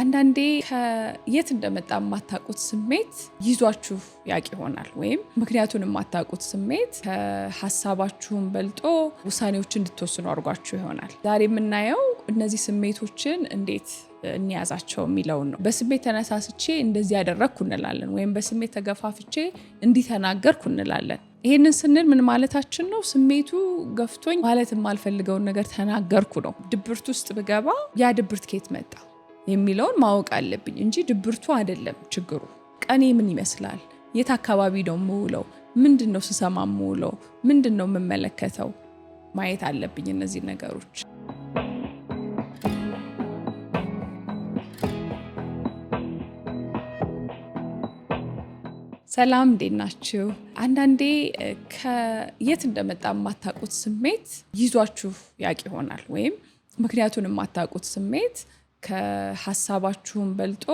አንዳንዴ ከየት እንደመጣ የማታውቁት ስሜት ይዟችሁ ያቅ ይሆናል። ወይም ምክንያቱን የማታውቁት ስሜት ከሀሳባችሁን በልጦ ውሳኔዎች እንድትወስኑ አድርጓችሁ ይሆናል። ዛሬ የምናየው እነዚህ ስሜቶችን እንዴት እንያዛቸው የሚለውን ነው። በስሜት ተነሳስቼ እንደዚህ ያደረግኩ እንላለን፣ ወይም በስሜት ተገፋፍቼ እንዲተናገርኩ እንላለን። ይህንን ስንል ምን ማለታችን ነው? ስሜቱ ገፍቶኝ ማለት የማልፈልገውን ነገር ተናገርኩ ነው። ድብርት ውስጥ ብገባ ያ ድብርት ከየት መጣ የሚለውን ማወቅ አለብኝ እንጂ ድብርቱ አይደለም ችግሩ። ቀኔ ምን ይመስላል? የት አካባቢ ነው የምውለው? ምንድን ነው ስሰማ የምውለው? ምንድን ነው የምመለከተው? ማየት አለብኝ እነዚህ ነገሮች። ሰላም እንዴት ናችሁ? አንዳንዴ ከየት እንደመጣ የማታውቁት ስሜት ይዟችሁ ያቅ ይሆናል ወይም ምክንያቱን የማታውቁት ስሜት ከሀሳባችሁም በልጦ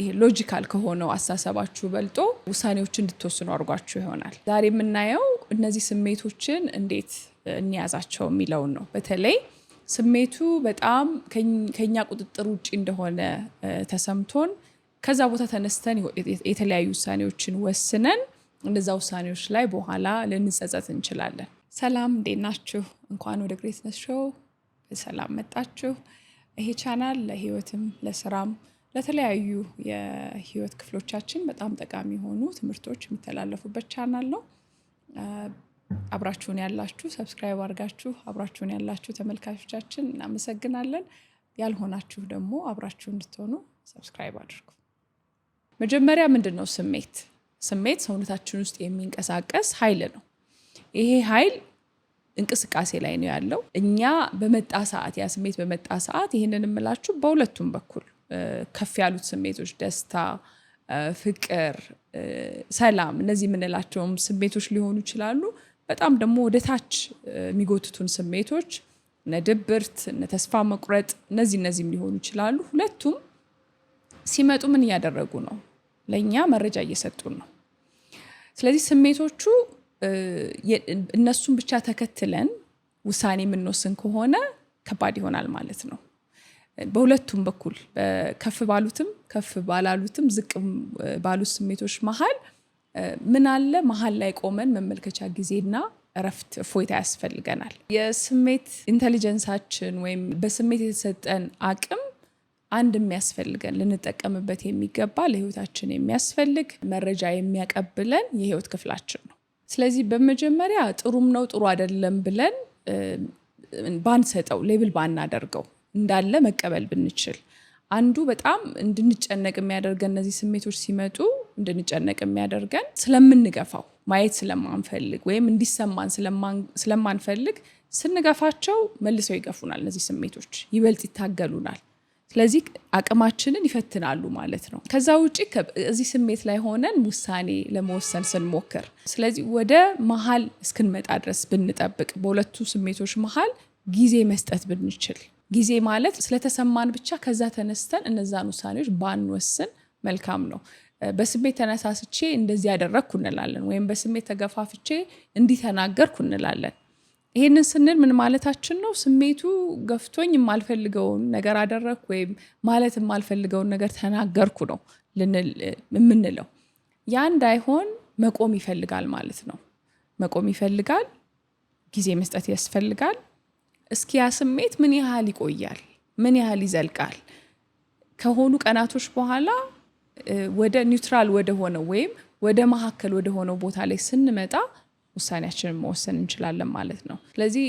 ይሄ ሎጂካል ከሆነው አሳሰባችሁ በልጦ ውሳኔዎችን እንድትወስኑ አድርጓችሁ ይሆናል። ዛሬ የምናየው እነዚህ ስሜቶችን እንዴት እንያዛቸው የሚለውን ነው። በተለይ ስሜቱ በጣም ከኛ ቁጥጥር ውጭ እንደሆነ ተሰምቶን ከዛ ቦታ ተነስተን የተለያዩ ውሳኔዎችን ወስነን እንደዛ ውሳኔዎች ላይ በኋላ ልንጸጸት እንችላለን። ሰላም እንዴት ናችሁ? እንኳን ወደ ግሬትነስ ሾው በሰላም መጣችሁ። ይሄ ቻናል ለህይወትም ለስራም ለተለያዩ የህይወት ክፍሎቻችን በጣም ጠቃሚ የሆኑ ትምህርቶች የሚተላለፉበት ቻናል ነው። አብራችሁን ያላችሁ ሰብስክራይብ አድርጋችሁ አብራችሁን ያላችሁ ተመልካቾቻችን እናመሰግናለን። ያልሆናችሁ ደግሞ አብራችሁ እንድትሆኑ ሰብስክራይብ አድርጉ። መጀመሪያ ምንድን ነው ስሜት? ስሜት ሰውነታችን ውስጥ የሚንቀሳቀስ ኃይል ነው። ይሄ ኃይል እንቅስቃሴ ላይ ነው ያለው። እኛ በመጣ ሰዓት ያ ስሜት በመጣ ሰዓት ይህንን የምላችሁ በሁለቱም በኩል ከፍ ያሉት ስሜቶች ደስታ፣ ፍቅር፣ ሰላም እነዚህ የምንላቸውም ስሜቶች ሊሆኑ ይችላሉ። በጣም ደግሞ ወደታች የሚጎትቱን ስሜቶች እነ ድብርት፣ እነ ተስፋ መቁረጥ እነዚህ እነዚህም ሊሆኑ ይችላሉ። ሁለቱም ሲመጡ ምን እያደረጉ ነው? ለእኛ መረጃ እየሰጡን ነው። ስለዚህ ስሜቶቹ እነሱን ብቻ ተከትለን ውሳኔ የምንወስን ከሆነ ከባድ ይሆናል ማለት ነው። በሁለቱም በኩል ከፍ ባሉትም ከፍ ባላሉትም ዝቅ ባሉት ስሜቶች መሀል ምን አለ መሀል ላይ ቆመን መመልከቻ ጊዜና እረፍት እፎይታ ያስፈልገናል። የስሜት ኢንተሊጀንሳችን ወይም በስሜት የተሰጠን አቅም አንድ የሚያስፈልገን ልንጠቀምበት የሚገባ ለህይወታችን የሚያስፈልግ መረጃ የሚያቀብለን የህይወት ክፍላችን ነው። ስለዚህ በመጀመሪያ ጥሩም ነው ጥሩ አይደለም ብለን ባንሰጠው ሌብል ባናደርገው እንዳለ መቀበል ብንችል አንዱ በጣም እንድንጨነቅ የሚያደርገን እነዚህ ስሜቶች ሲመጡ እንድንጨነቅ የሚያደርገን ስለምንገፋው ማየት ስለማንፈልግ ወይም እንዲሰማን ስለማንፈልግ ስንገፋቸው መልሰው ይገፉናል። እነዚህ ስሜቶች ይበልጥ ይታገሉናል። ስለዚህ አቅማችንን ይፈትናሉ ማለት ነው። ከዛ ውጭ እዚህ ስሜት ላይ ሆነን ውሳኔ ለመወሰን ስንሞክር፣ ስለዚህ ወደ መሀል እስክንመጣ ድረስ ብንጠብቅ፣ በሁለቱ ስሜቶች መሀል ጊዜ መስጠት ብንችል፣ ጊዜ ማለት ስለተሰማን ብቻ ከዛ ተነስተን እነዛን ውሳኔዎች ባንወስን መልካም ነው። በስሜት ተነሳስቼ እንደዚህ ያደረግኩ እንላለን፣ ወይም በስሜት ተገፋፍቼ እንዲህ ተናገርኩ እንላለን። ይሄንን ስንል ምን ማለታችን ነው? ስሜቱ ገፍቶኝ የማልፈልገውን ነገር አደረግኩ ወይም ማለት የማልፈልገውን ነገር ተናገርኩ ነው የምንለው። ያ እንዳይሆን መቆም ይፈልጋል ማለት ነው። መቆም ይፈልጋል፣ ጊዜ መስጠት ያስፈልጋል። እስኪ ያ ስሜት ምን ያህል ይቆያል? ምን ያህል ይዘልቃል? ከሆኑ ቀናቶች በኋላ ወደ ኒውትራል ወደ ሆነው ወይም ወደ መካከል ወደ ሆነው ቦታ ላይ ስንመጣ ውሳኔያችንን መወሰን እንችላለን ማለት ነው። ስለዚህ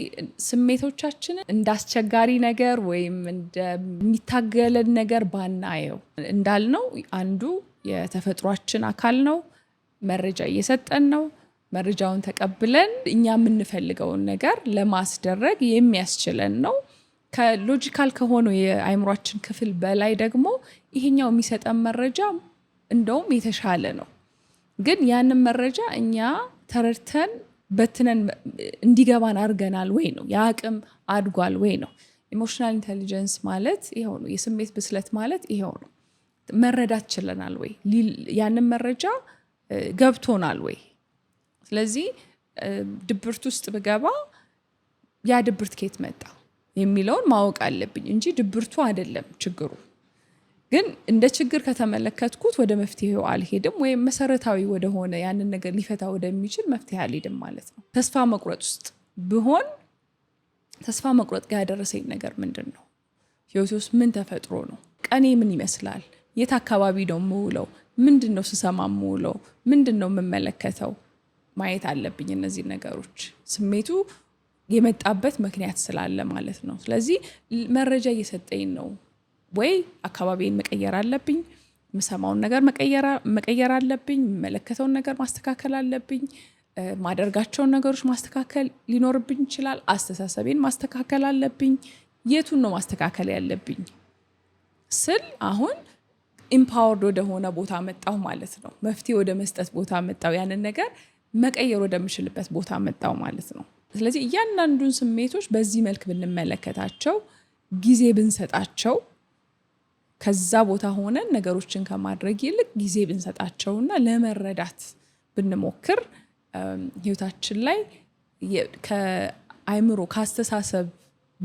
ስሜቶቻችንን እንደ አስቸጋሪ ነገር ወይም እንደሚታገለን ነገር ባናየው እንዳልነው አንዱ የተፈጥሯችን አካል ነው። መረጃ እየሰጠን ነው። መረጃውን ተቀብለን እኛ የምንፈልገውን ነገር ለማስደረግ የሚያስችለን ነው። ከሎጂካል ከሆነው የአይምሯችን ክፍል በላይ ደግሞ ይሄኛው የሚሰጠን መረጃ እንደውም የተሻለ ነው። ግን ያንን መረጃ እኛ ተረድተን በትነን እንዲገባን አድርገናል ወይ ነው። የአቅም አድጓል ወይ ነው። ኢሞሽናል ኢንቴሊጀንስ ማለት ይኸው ነው። የስሜት ብስለት ማለት ይሄው ነው። መረዳት ችለናል ወይ? ያንን መረጃ ገብቶናል ወይ? ስለዚህ ድብርት ውስጥ ብገባ ያ ድብርት ከየት መጣ የሚለውን ማወቅ አለብኝ እንጂ ድብርቱ አይደለም ችግሩ። ግን እንደ ችግር ከተመለከትኩት ወደ መፍትሄው አልሄድም ወይም መሰረታዊ ወደሆነ ያንን ነገር ሊፈታ ወደሚችል መፍትሄ አልሄድም ማለት ነው። ተስፋ መቁረጥ ውስጥ ብሆን ተስፋ መቁረጥ ጋር ያደረሰኝ ነገር ምንድን ነው? ህይወቴ ውስጥ ምን ተፈጥሮ ነው? ቀኔ ምን ይመስላል? የት አካባቢ ነው የምውለው? ምንድን ነው ስሰማ የምውለው? ምንድን ነው የምመለከተው? ማየት አለብኝ እነዚህ ነገሮች ስሜቱ የመጣበት ምክንያት ስላለ ማለት ነው። ስለዚህ መረጃ እየሰጠኝ ነው ወይ አካባቢን መቀየር አለብኝ፣ የምሰማውን ነገር መቀየር አለብኝ፣ የምመለከተውን ነገር ማስተካከል አለብኝ፣ ማደርጋቸውን ነገሮች ማስተካከል ሊኖርብኝ ይችላል። አስተሳሰቤን ማስተካከል አለብኝ። የቱን ነው ማስተካከል ያለብኝ ስል አሁን ኢምፓወርድ ወደሆነ ቦታ መጣሁ ማለት ነው። መፍትሄ ወደ መስጠት ቦታ መጣሁ። ያንን ነገር መቀየር ወደምችልበት ቦታ መጣሁ ማለት ነው። ስለዚህ እያንዳንዱን ስሜቶች በዚህ መልክ ብንመለከታቸው፣ ጊዜ ብንሰጣቸው ከዛ ቦታ ሆነን ነገሮችን ከማድረግ ይልቅ ጊዜ ብንሰጣቸውና ለመረዳት ብንሞክር ህይወታችን ላይ ከአእምሮ ከአስተሳሰብ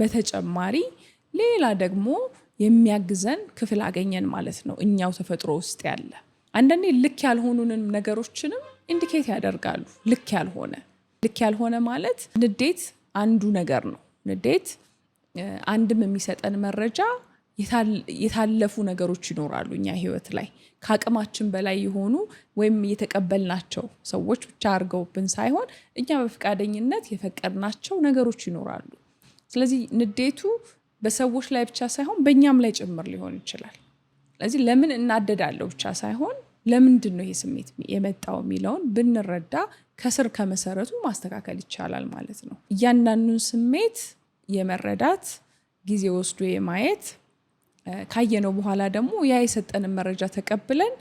በተጨማሪ ሌላ ደግሞ የሚያግዘን ክፍል አገኘን ማለት ነው። እኛው ተፈጥሮ ውስጥ ያለ አንዳንዴ ልክ ያልሆኑንም ነገሮችንም ኢንዲኬት ያደርጋሉ። ልክ ያልሆነ ልክ ያልሆነ ማለት ንዴት አንዱ ነገር ነው። ንዴት አንድም የሚሰጠን መረጃ የታለፉ ነገሮች ይኖራሉ እኛ ህይወት ላይ ከአቅማችን በላይ የሆኑ ወይም የተቀበልናቸው ሰዎች ብቻ አድርገውብን ሳይሆን እኛ በፈቃደኝነት የፈቀድናቸው ነገሮች ይኖራሉ። ስለዚህ ንዴቱ በሰዎች ላይ ብቻ ሳይሆን በእኛም ላይ ጭምር ሊሆን ይችላል። ስለዚህ ለምን እናደዳለው ብቻ ሳይሆን ለምንድን ነው ይሄ ስሜት የመጣው የሚለውን ብንረዳ ከስር ከመሰረቱ ማስተካከል ይቻላል ማለት ነው። እያንዳንዱን ስሜት የመረዳት ጊዜ ወስዶ የማየት ካየነው በኋላ ደግሞ ያ የሰጠንን መረጃ ተቀብለን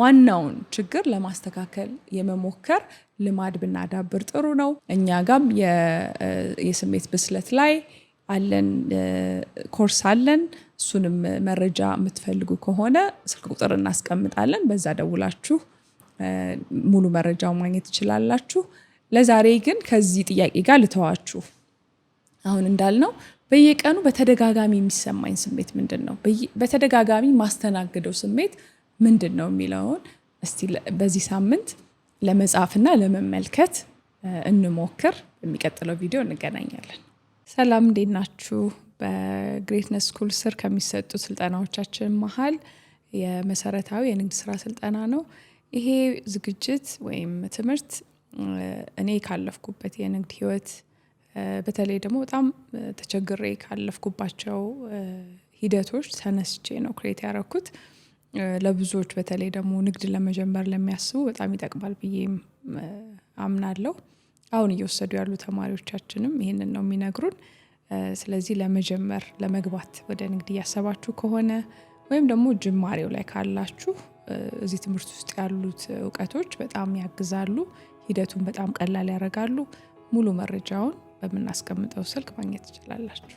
ዋናውን ችግር ለማስተካከል የመሞከር ልማድ ብናዳብር ጥሩ ነው። እኛ ጋም የስሜት ብስለት ላይ አለን ኮርስ አለን። እሱንም መረጃ የምትፈልጉ ከሆነ ስልክ ቁጥር እናስቀምጣለን። በዛ ደውላችሁ ሙሉ መረጃው ማግኘት ትችላላችሁ። ለዛሬ ግን ከዚህ ጥያቄ ጋር ልተዋችሁ። አሁን እንዳልነው በየቀኑ በተደጋጋሚ የሚሰማኝ ስሜት ምንድን ነው? በተደጋጋሚ ማስተናግደው ስሜት ምንድን ነው የሚለውን እስቲ በዚህ ሳምንት ለመጻፍና ለመመልከት እንሞክር። በሚቀጥለው ቪዲዮ እንገናኛለን። ሰላም፣ እንዴት ናችሁ? በግሬትነስ ስኩል ስር ከሚሰጡ ስልጠናዎቻችን መሀል የመሰረታዊ የንግድ ስራ ስልጠና ነው። ይሄ ዝግጅት ወይም ትምህርት እኔ ካለፍኩበት የንግድ ህይወት በተለይ ደግሞ በጣም ተቸግሬ ካለፍኩባቸው ሂደቶች ተነስቼ ነው ክሬት ያረኩት። ለብዙዎች በተለይ ደግሞ ንግድ ለመጀመር ለሚያስቡ በጣም ይጠቅማል ብዬም አምናለሁ። አሁን እየወሰዱ ያሉ ተማሪዎቻችንም ይህንን ነው የሚነግሩን። ስለዚህ ለመጀመር ለመግባት ወደ ንግድ እያሰባችሁ ከሆነ ወይም ደግሞ ጅማሬው ላይ ካላችሁ እዚህ ትምህርት ውስጥ ያሉት እውቀቶች በጣም ያግዛሉ። ሂደቱን በጣም ቀላል ያደርጋሉ። ሙሉ መረጃውን በምናስቀምጠው ስልክ ማግኘት ትችላላችሁ።